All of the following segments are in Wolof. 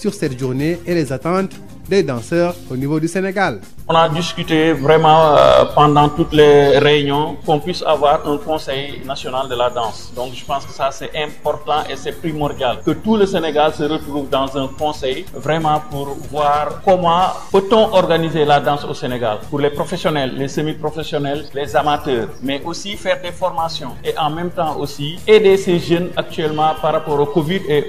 sur cette journée et les attentes des danseurs au niveau du Sénégal. On a discuté vraiment euh, pendant toutes les réunions qu'on puisse avoir un conseil national de la danse. Donc je pense que ça c'est important et c'est primordial que tout le Sénégal se retrouve dans un conseil vraiment pour voir comment peut-on organiser la danse au Sénégal pour les professionnels, les semi-professionnels, les amateurs, mais aussi faire des formations et en même temps aussi aider ces jeunes par rapport au Covid et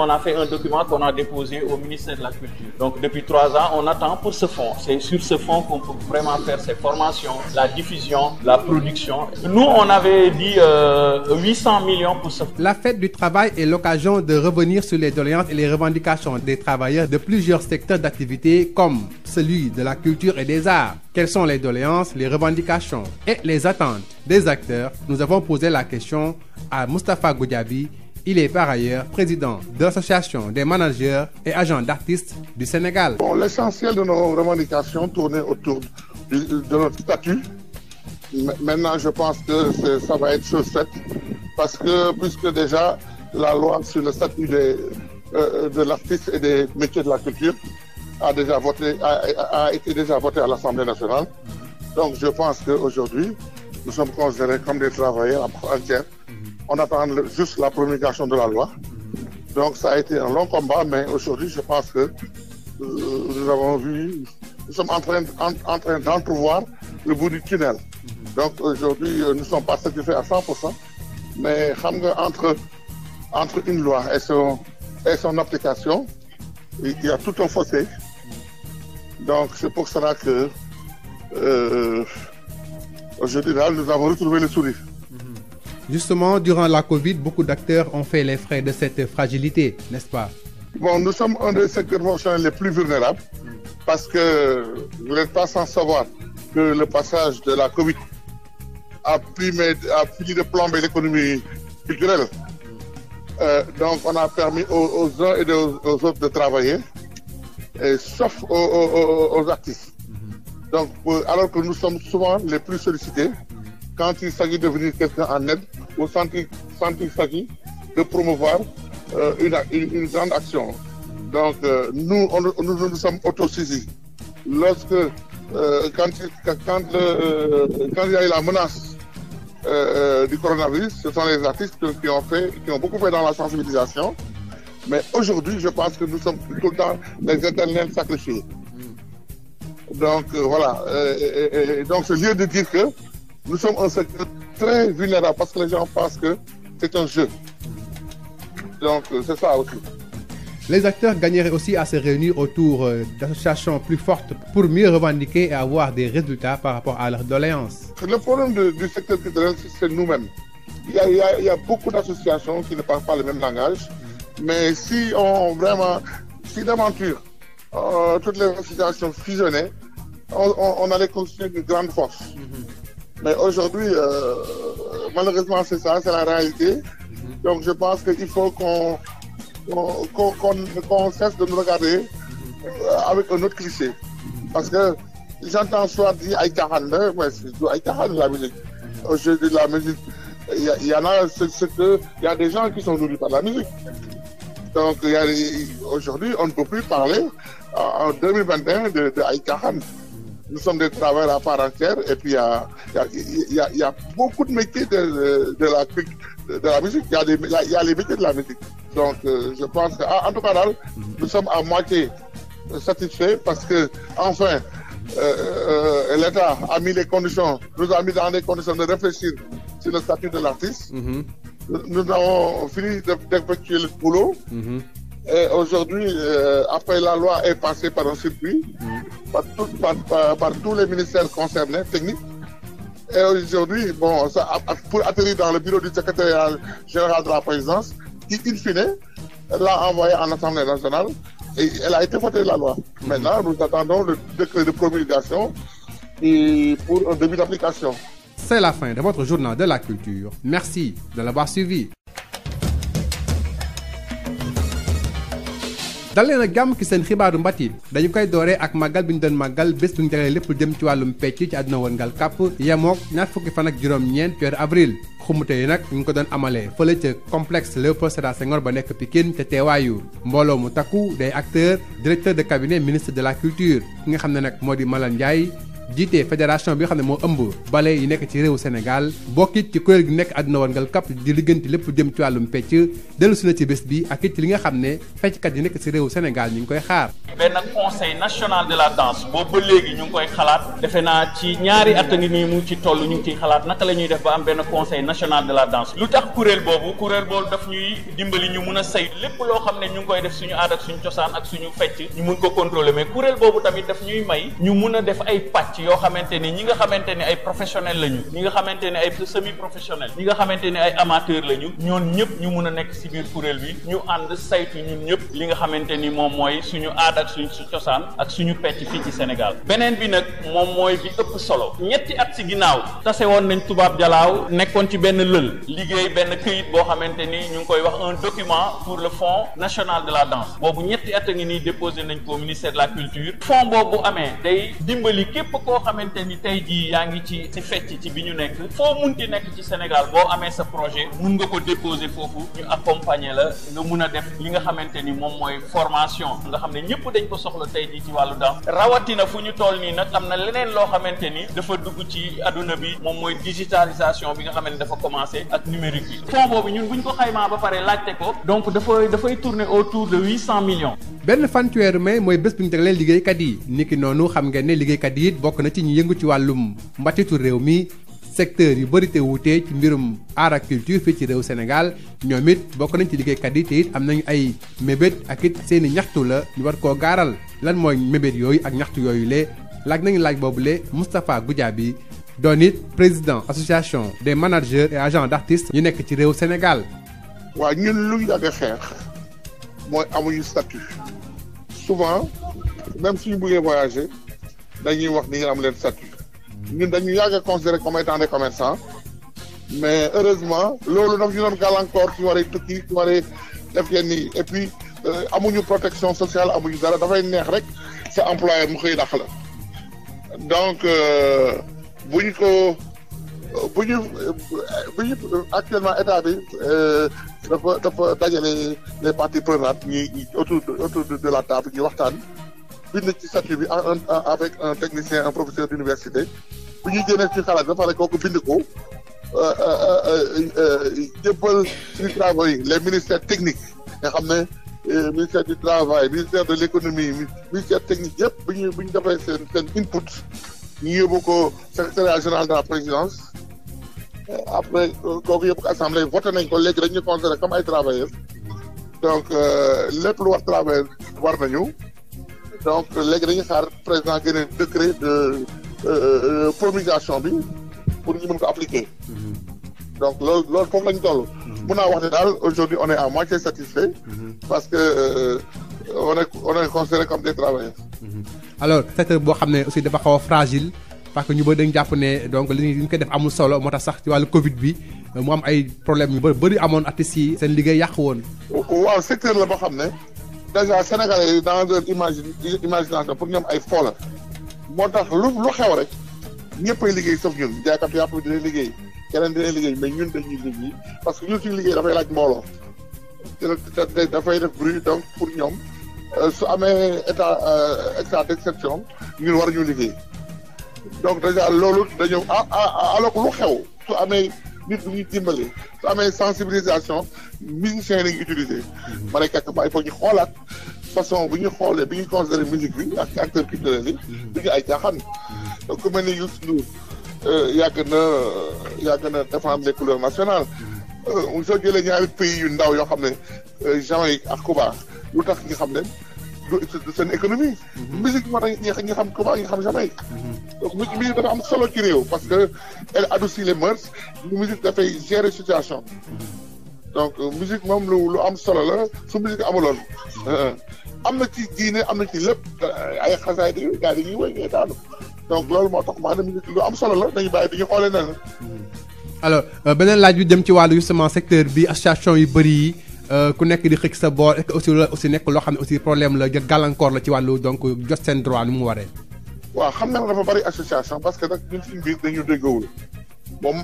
on a fait un document qu'on a déposé au ministère de la Culture. Donc depuis trois ans, on attend pour ce fonds. C'est sur ce fonds qu'on peut vraiment faire ces formations, la diffusion, la production. Nous, on avait dit euh, 800 millions pour ce fonds. La fête du travail est l'occasion de revenir sur les doléances et les revendications des travailleurs de plusieurs secteurs d'activité comme celui de la culture et des arts. Quelles sont les doléances, les revendications et les attentes des acteurs Nous avons posé la question à Mustapha Goudjabi, Il est par ailleurs président de l'Association des managers et agents d'artistes du Sénégal. Bon, l'essentiel de nos revendications tournait autour de notre je pense que parce que puisque déjà la loi sur le statut des, euh, de l'artiste et des métiers de la culture a déjà été déjà votée à l'Assemblée nationale. Donc, je pense qu'aujourd'hui, nous sommes considérés comme des travailleurs en entière On attend le, juste la promulgation de la loi. Donc ça a été un long combat, mais aujourd'hui, je pense que euh, nous avons vu, nous sommes en train, d'entrevoir le bout du tunnel. Donc aujourd'hui, euh, nous sommes pas satisfaits à mais xam nga entre entre une loi et son application, il y a tout un fossé. Donc c'est pour cela que euh, aujourd'hui daal nous avons retrouvé le sourire. Justement, durant la Covid, beaucoup d'acteurs ont fait les frais de cette fragilité, n'est-ce pas Bon, nous sommes un des secteurs professionnels les plus vulnérables parce que vous n'êtes pas sans savoir que le passage de la Covid a, primé, a fini de plomber l'économie culturelle. Euh, donc, on a permis aux, autres de travailler, sauf aux, artistes. Donc, euh, alors que nous sommes souvent les plus sollicités, quand il s'agit de venir quelqu'un aide, au centre centre Saki de promouvoir euh, une, une, grande action. Donc euh, nous on, nous nous sommes autosaisis. Lorsque euh, euh, quand il y a eu la menace euh, euh, du coronavirus, ce sont les artistes qui ont beaucoup fait dans la sensibilisation. Mais aujourd'hui, je pense que nous sommes tout le temps les éternels sacrifiés. Donc voilà, et, donc c'est lieu de dire que nous sommes un secteur très vulnérable parce que les gens pensent que c'est un jeu. Donc, euh, c'est ça aussi. Les acteurs gagneraient aussi à se réunir autour euh, d'associations plus fortes pour mieux revendiquer et avoir des résultats par rapport à leurs doléances. Le problème du secteur culturel, c'est nous-mêmes. Il y, a, il, y a, il y a, beaucoup d'associations qui ne parlent pas le même langage, mais si on vraiment, si d'aventure, euh, toutes les associations fusionnaient, on, allait construire une grande force. Mhm. mais aujourd'hui euh, malheureusement c'est la réalité mhm. donc je pense que il faut qu'on cesse de nous regarder euh, avec un autre cliché mhm. parce que j'entends soit dire ay caaxaan la mais du la musique mhm. aujourd'hui la musique il y, en a c'est que il y a des gens qui sont nourris par la musique donc il y a on ne peut plus parler en de de nous sommes des travailleurs à part entière et il y a, a, y, beaucoup de métiers de, la, de musique, il y, a des, métiers de la musique. Donc euh, je pense que, tout cas là, mhm. nous sommes à moitié euh, satisfaits parce que enfin euh, euh, l'État a mis les conditions, nous a mis dans les conditions de réfléchir sur le statut de l'artiste. Mhm. Nous avons fini d'effectuer le boulot. Mhm. Et aujourd'hui, euh, après la loi est passée par un circuit. par, tout, tous les ministères concernés, techniques. Et aujourd'hui, bon, ça, pour atterrir dans le bureau du secrétaire général de la présidence, qui, in fine, l'a envoyé en Assemblée nationale et elle a été votée la loi. Mmh. Maintenant, nous attendons le décret de promulgation et pour un début d'application. C'est la fin de votre journal de la culture. Merci de l'avoir suivi. dal leen ak jàmm ki seen xibaaru mbat yi dañu koy dooree ak màggal bi ñu doon màggal bés bu ñu jagleel lépp dem ci wàllum pecc ci àdduna wërngal kàpp yemook ñaar fukki fan ak juróom-ñeent ci weeru avril xumute yi nag ñu ngi ko doon amalee fële ca complexe Léopold Sédar Senghor ba nekk Pikine te teewaayu mbooloo mu takku day acteur directeur de cabinet ministre de la culture ki nga xam ne nag moo di Malang Ndiaye jiite fédération bi nga xam ne moo ëmb bale yi nekk ci réew Sénégal bokkit ci kuréel gi nekk àdduna warngal kap di ligganti lépp jëm ci ci bés bi ak it ci li nga xam ne fecckat yi nekk ci réew Sénégal ñu koy xaar benn conseil national de la danse boobu ba léegi ñu ngi koy xalaat defe naa ci ñaari at a ngi nii mu ci toll ñu ngi ciy xalaat naka la ñuy def ba am benn conseil national de la danse lu tax kuréel boobu kuréel boobu daf ñuy dimbali a say loo xam ne ñu ngi ko contrôler mais kuréel boobu tamit daf a yoo xamante ni ñi nga xamante ni ay professionnel la ñi nga xamante ni ay semi professionnel ñi nga xamante ni ay amateur la ñu ñoon ñëpp ñu mun a nekk si biir kuréel bi ñu ànd saytu ñun ñëpp li nga xamante ni moom mooy suñu aada ak suñu cosaan ak suñu pecc fii ci Sénégal beneen bi nag moom mooy bi ëpp solo ñetti at si ginnaaw tase woon nañ tubaab jalaaw nekkoon ci benn lël liggéey benn kayit boo xamante ni ñu ngi koy wax un document pour le fonds national de la danse boobu ñetti at a déposé nañ ko ministère la culture fonds boobu amee day dimbali képp koo xamante ni tey jii yaa ngi ci ci fecc ci bi ñu nekk foo munti nekk ci Sénégal boo amee sa projet mun nga ko déposer foofu ñu accompagner la nga mun a def li nga xamante ni moom mooy formation nga xam ne ñëpp dañ ko soxla tey jii ci wàllu daam rawatina fu ñu toll nii nag am na leneen loo xamante ni dafa dugg ci adduna bi moom mooy digitalisation bi nga xamante ni dafa commencé ak numérique bi fond boobu ñun buñ ko xaymaa ba pare laajte ko donc dafay dafay tourner autour de huit cent millions. benn fanweeri mai mooy bés bi ñu jagleel liggéeykat yi niki noonu xam ngeen liggéeykat yi bokk na ci ñu yëngu ci wàllum mbatitu réew mi secteur yu bëri te wuute ci mbirum agriculture fii ci réew Sénégal ñoom it bokk nañ ci liggéeykat yi te it am nañu ay mébét ak it seen i ñaxtu la ñu war koo gaaral lan mooy mébét yooyu ak ñaxtu yooyu le laaj nañu laaj boobu le Moustapha Goudiaby doon it président association des managers et agents d'artistes ñu nekk ci réew senegal waa ñun lu ñu xeex mooy amuñu statut souvent même suñu bëggee voyager. dañuy wax ni am leen statut ñun dañu yàgg a considéré comme étant des commerçants mais heureusement loolu daf ñu doon gàllankoor ci waree tukki ci waree def yenn yi et puis euh, amuñu protection sociale amuñu dara dafay neex rek sa employeur mu xëy dàq la donc euh, bu ñu ko bu ñu bu ñu actuellement état bi euh, dafa dafa dajale les parties prenantes ñi autour autour de la table ñu waxtaan. bind ci statut bi en avec un technicien un professeur d'université bu ñuy génnee ci xalaat ba pare kooku bind ko euh, euh, euh, jébbal suñu travaux yi les ministères techniques nga xam ne. ministère du travail ministère de l'économie ministère technique yëpp bu ñu bu ñu defee seen seen input ñu yóbbu ko secrétariat général de la présidence après kooku yëpp ko assemblée voté nañ ko léegi dañu considéré comme ay travailleurs donc lépp lu war travail war donc léegi dañuy xaar président génne décret de euh, euh, promulgation bi pour ñu mën ko appliquer. Mm-hmm. donc loolu lool foofu lañ toll. Mm-hmm. mun naa wax ne daal aujourd'hui on est à satisfait. Mm-hmm. parce que euh, on est on est considéré comme des travailleurs. alors secteur boo xam ne aussi dafa xaw a fragile. parce que ñu bëri dañu jàpp ne donc li ñu koy def amul solo moo tax sax ci wàllu Covid bi euh, mu am ay problème yu bëri amoon artistes yi seen liggéey yàq woon. waaw secteur la boo xam ne. déjà sénégalais yi dans leur imagination pour ñoom ay fo la moo tax lu lu xew rek ñëppay liggéey sauf ñun jaaykatu yàpp bi dina liggéey keneen dina liggéey mais ñun dañuy liggéey parce que ñun suñu liggéey dafay laaj mbooloo te dafay def bruit donc pour ñoom euh, su amee état euh, état d'exception ñun war ñu liggéey donc déjà loolu da ah, ah ah alors lu xew su amee. nit bu ñu dimbale su amee sensibilisation musiciens yi la ñuy utiliser. Mhm. ma ne quelque part il ñu xoolaat façon bu ñu xoolee bi ñu considéré musique bi ak acteur culturel yi. Mhm. du ñu ay caaxaan. Mhm. donc ku mel ni Youssou Ndour euh, yàgg na yàgg na défendre les couleurs nationales. Euh, soo jëlee ñaari pays yu ndaw yoo xam ne euh, Jamaïque ak Cuba lu tax ñu xam ne du seen économie. musique moo tax ñu xam Cuba ñi xam Jamaïque. donc musique dafa am solo ci réew parce que elle adoucit les mœurs dafay gérer situation donc euh, musique moom lu lu am solo la su musique amuloon euh, am na ci diine am na ci lépp euh, ay xasaay di gaa yi ñuy wéy ngay daanu donc loolu moo tax maa ne musique lu am solo la dañu bàyyi dañu xoolee na la alors beneen laaj bi dem ci wàllu justement secteur bi association yu bëri yi ku nekk di xëcc sa boor est-ce que aussi nekk loo xam ne aussi problème la jël gàllankoor la ci wàllu donc jot seen droit ni mu waree waaw xam naa dafa bari association parce que nag ñun suñu biir dañu déggoowul moom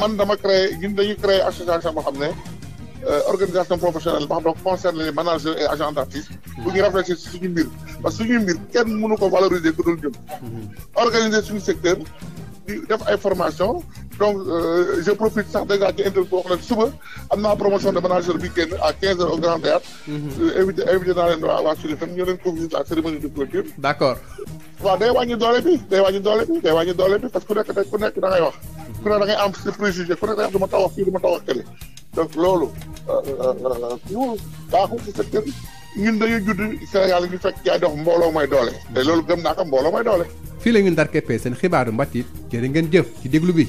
man dama créé ñun dañu créé association boo xam ne euh, organisation professionnelle boo xam ne concerne les managers et agents d'artistes bu ñu réfléchir si suñu mbir parce que suñu mbir kenn mënu ko valoriser ku dul ñun mm-hmm. organiser suñu secteur def ay formation donc euh, je profite sax dèjà ci interview boo xam ne suba am naa promotion de manager bi génn à 15 heures o Grand Théâtre mm-hmm. euh, invité invité naa leen waaw day wàññi doole bi day wàññi doole bi day wàññi doole bi parce que ku nekk day ku nekk da ngay wax ku nekk da ngay am si préjugé ku nekk da ngay wax du ma taw wax fii du ma taw wax kële donc loolu kiiwul euh, euh, euh, baaxul si secteur ñun dañuy judd Sénégal ñu fekk yaay dox mbooloo mooy doole te loolu gëm naa ko mbooloo mooy doole fii la ñu ndar keppee seen xibaaru mbatit jërë ngeen jëf ci déglu bi